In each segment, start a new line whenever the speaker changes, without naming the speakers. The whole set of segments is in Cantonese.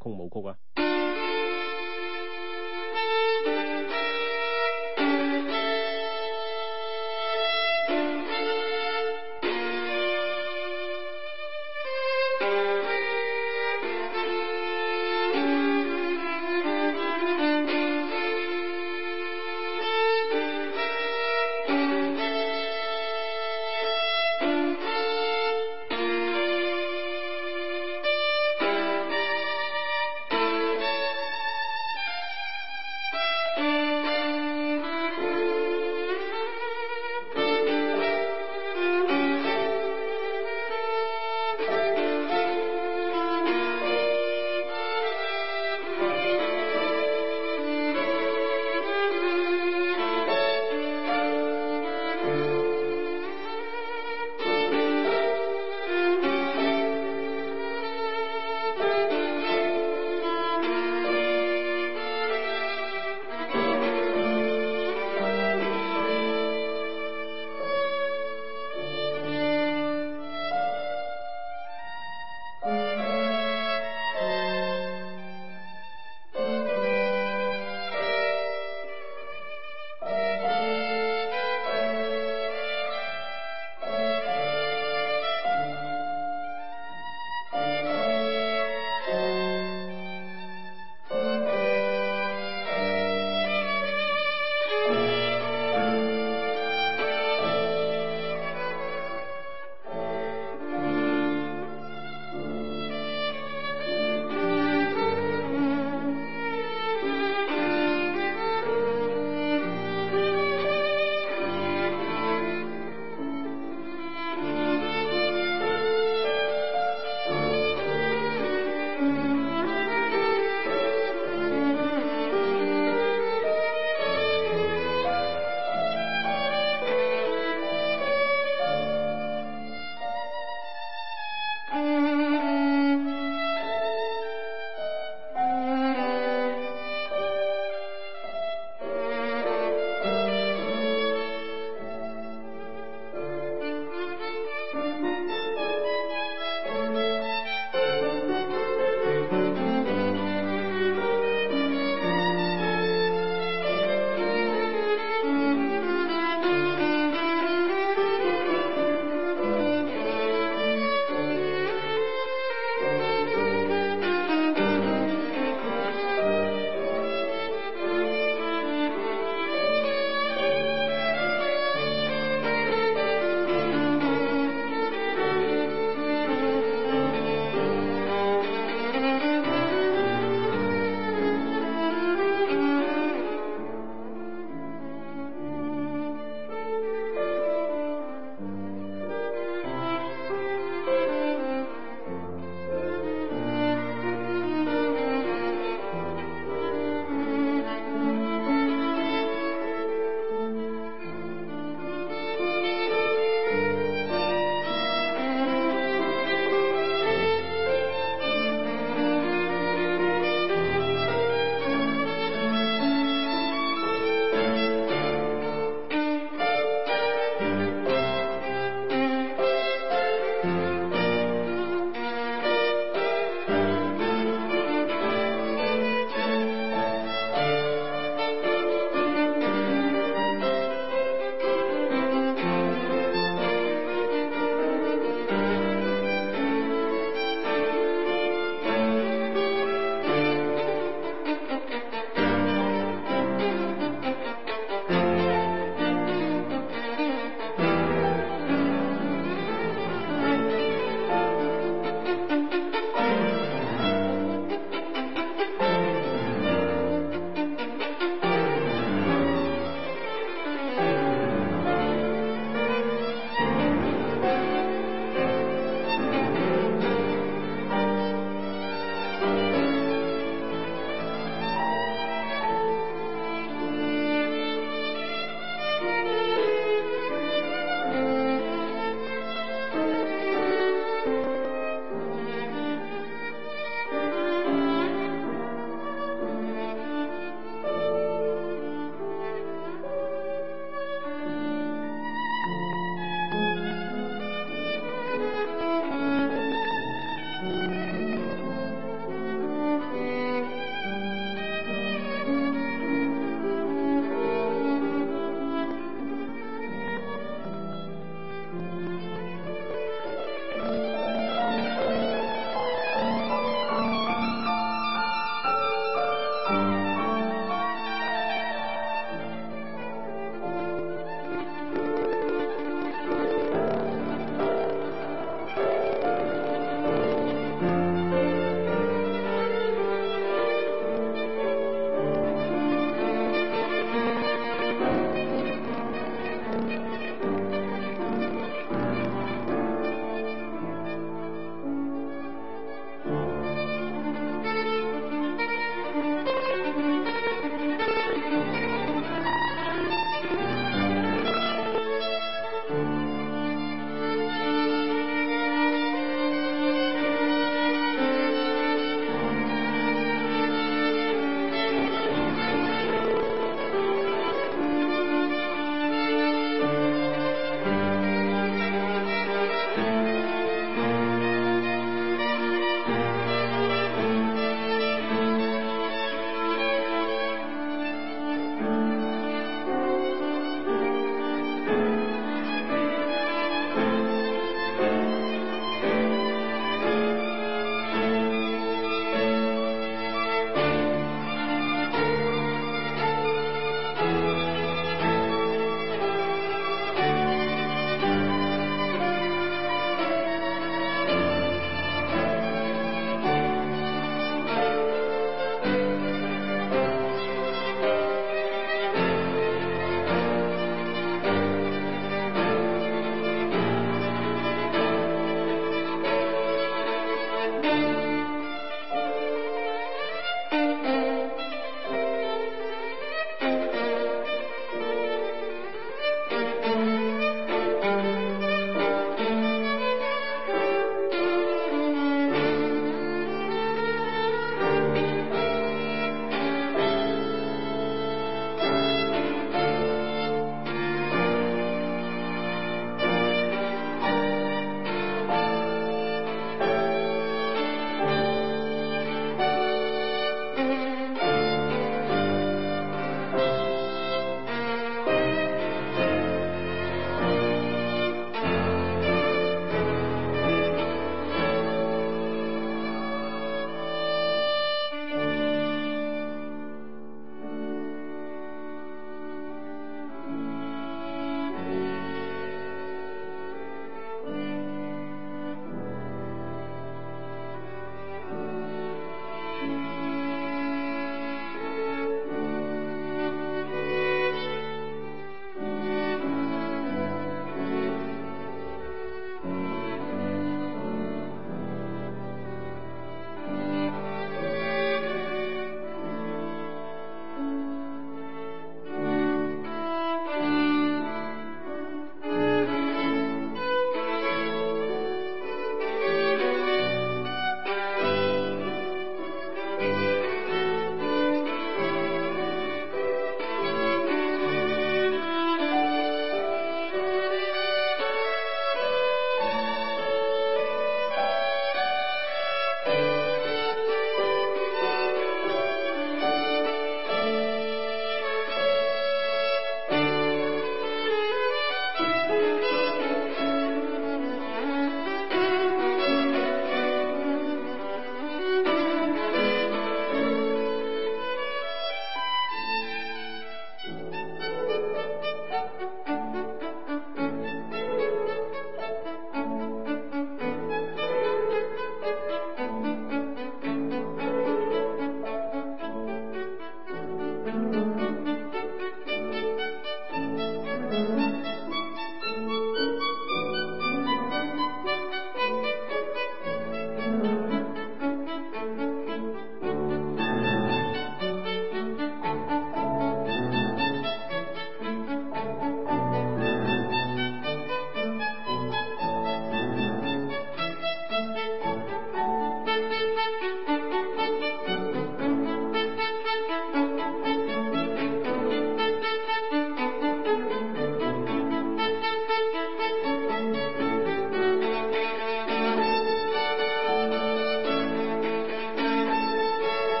空舞曲啊！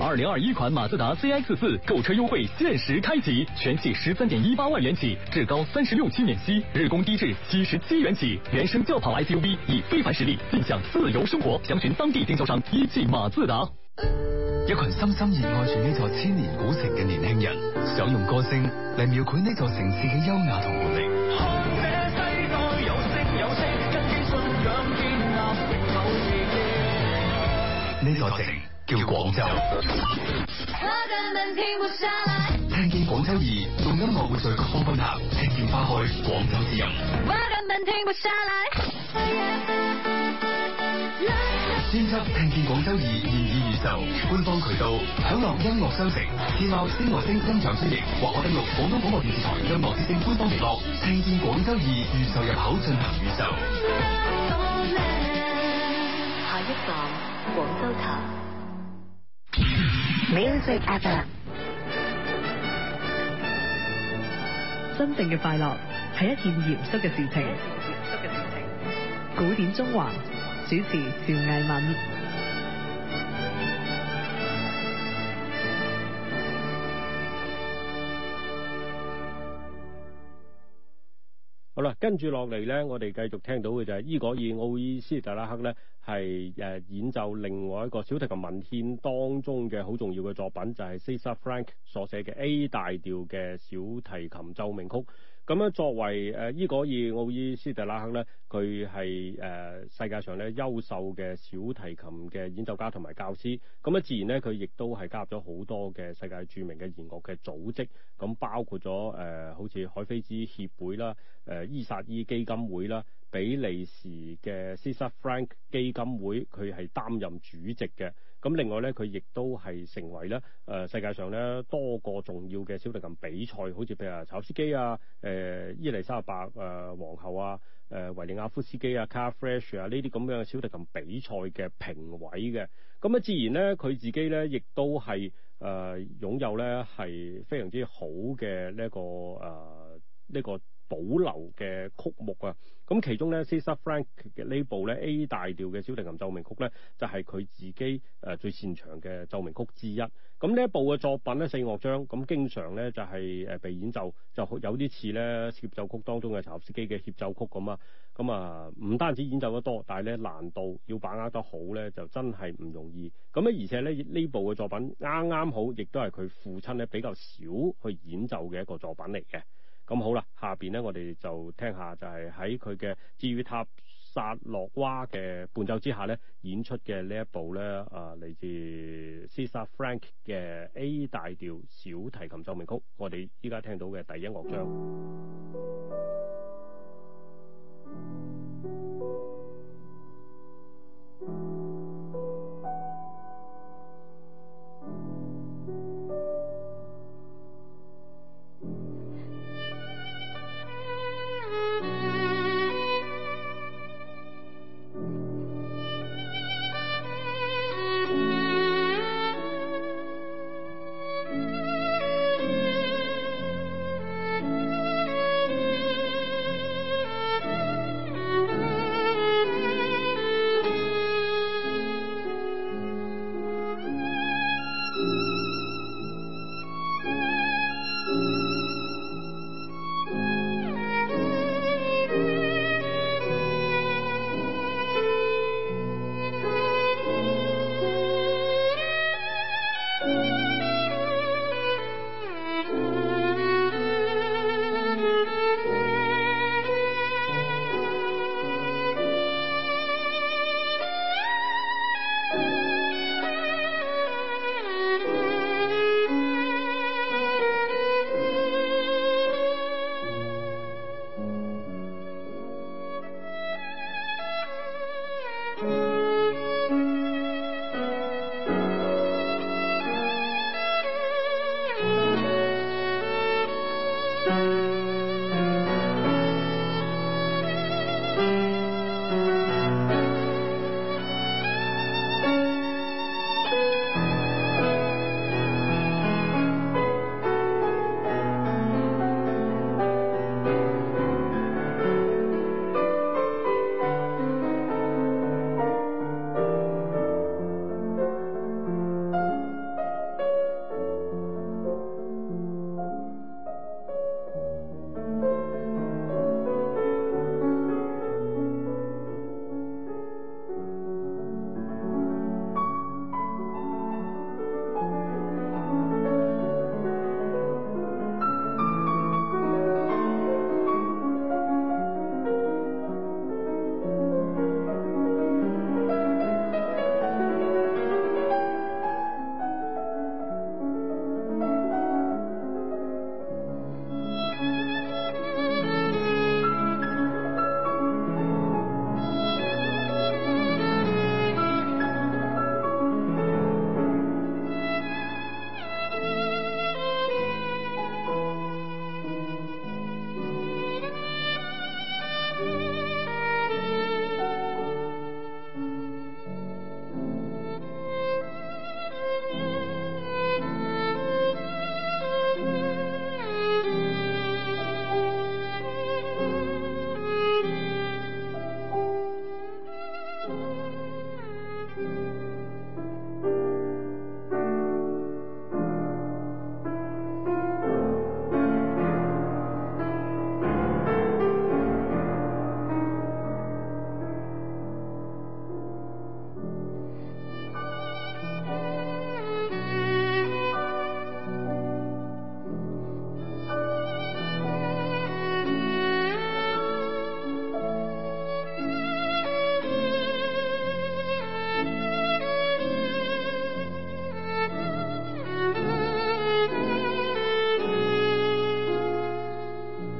二零二一款馬自達 CX 四購車優惠限時開啟，全系十三點一八萬元起，至高三十六期免息，日供低至七十七元起。原生轎跑 SUV，以非凡實力，盡享自由生活。詳詢當地經銷商，一汽馬自達。一群深深熱愛住呢座千年古城嘅年輕
人，想用歌聲嚟描繪呢座城市嘅優雅同活力。
呢座城叫廣州。聽見廣州二用音樂會隨各方奔行，聽見花開，廣州之
音樂。專輯聽
見廣州二現已預售，官方渠道享樂音樂商城、天貓、星樂星音享經營或可登錄廣東廣播電視台音樂之聲官方微博，聽見廣州二預售入口進行預售。 一廣州塔，
真正嘅快樂係一件嚴肅嘅事情。古典縱橫主持趙藝敏。
跟住落嚟呢，我哋繼續聽到嘅就係伊戈爾奧伊斯特拉克呢係演奏另外一個小提琴文獻當中嘅好重要嘅作品，就係 Cesar Frank 所寫嘅 A 大調嘅小提琴奏鳴曲。咁樣作為誒伊戈爾奧伊斯特拉克咧，佢係誒世界上咧優秀嘅小提琴嘅演奏家同埋教師。咁樣自然咧，佢亦都係加入咗好多嘅世界著名嘅弦樂嘅組織。咁包括咗誒好似海菲茲協會啦、誒伊薩伊基金會啦、比利時嘅 Cesar Frank 基金會，佢係擔任主席嘅。咁另外咧，佢亦都係成為咧誒世界上咧多個重要嘅小提琴比賽，好似譬如啊柴可夫斯基啊、誒伊麗莎白誒皇后啊、誒維尼亞夫斯基啊、Carl Flesch 啊呢啲咁樣嘅小提琴比賽嘅評委嘅。咁啊，自然咧佢自己咧亦都係誒、呃、擁有咧係非常之好嘅呢一個呢、呃這個保留嘅曲目啊。咁其中咧，Cesar Frank 嘅呢部咧 A 大調嘅小提琴奏鳴曲咧，就係、是、佢自己誒最擅長嘅奏鳴曲之一。咁呢一部嘅作品咧，四樂章，咁經常咧就係誒被演奏，就有啲似咧協奏曲當中嘅柴可夫斯基嘅協奏曲咁啊。咁啊，唔單止演奏得多，但係咧難度要把握得好咧，就真係唔容易。咁咧，而且咧呢部嘅作品啱啱好，亦都係佢父親咧比較少去演奏嘅一個作品嚟嘅。咁、嗯、好啦，下面呢，我哋就聽下就係喺佢嘅至爾塔薩洛娃嘅伴奏之下呢，演出嘅呢一部呢，啊嚟自 Cesar Frank 嘅 A 大調小提琴奏鳴曲，我哋依家聽到嘅第一樂章。 樂